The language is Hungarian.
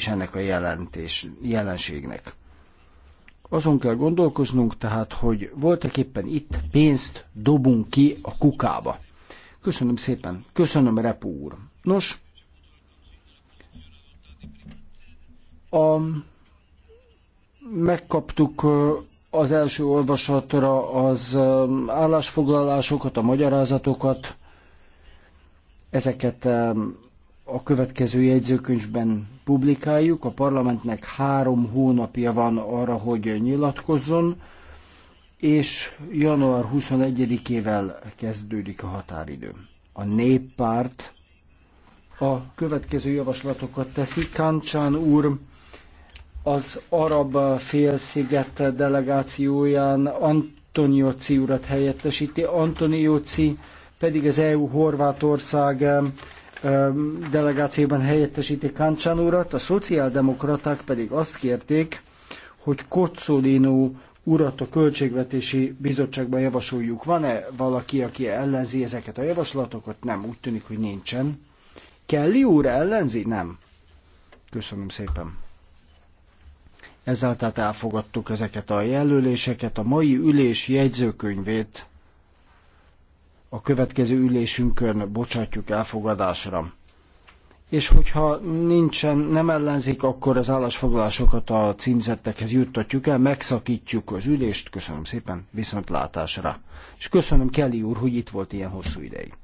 és ennek a jelentés, jelenségnek. Azon kell gondolkoznunk tehát, hogy voltak éppen itt pénzt dobunk ki a kukába. Köszönöm szépen. Köszönöm, Repú úr. Nos, a, megkaptuk az első olvasatra az állásfoglalásokat, a magyarázatokat, ezeket a következő jegyzőkönyvben publikáljuk. A parlamentnek három hónapja van arra, hogy nyilatkozzon, és január 21-ével kezdődik a határidő. A néppárt a következő javaslatokat teszi. Kancsán úr az arab félsziget delegációján Antonioci urat helyettesíti. Antonioci pedig az EU Horvátország delegációban helyettesíti Káncsán urat, a szociáldemokraták pedig azt kérték, hogy Kocolino urat a Költségvetési Bizottságban javasoljuk. Van-e valaki, aki ellenzi ezeket a javaslatokat? Nem, úgy tűnik, hogy nincsen. Kelly úr ellenzi? Nem. Köszönöm szépen. Ezzel tehát elfogadtuk ezeket a jelöléseket. A mai ülés jegyzőkönyvét a következő ülésünkön bocsátjuk elfogadásra. És hogyha nincsen, nem ellenzik, akkor az állásfoglalásokat a címzettekhez juttatjuk el, megszakítjuk az ülést, köszönöm szépen, viszontlátásra. És köszönöm Kelly úr, hogy itt volt ilyen hosszú ideig.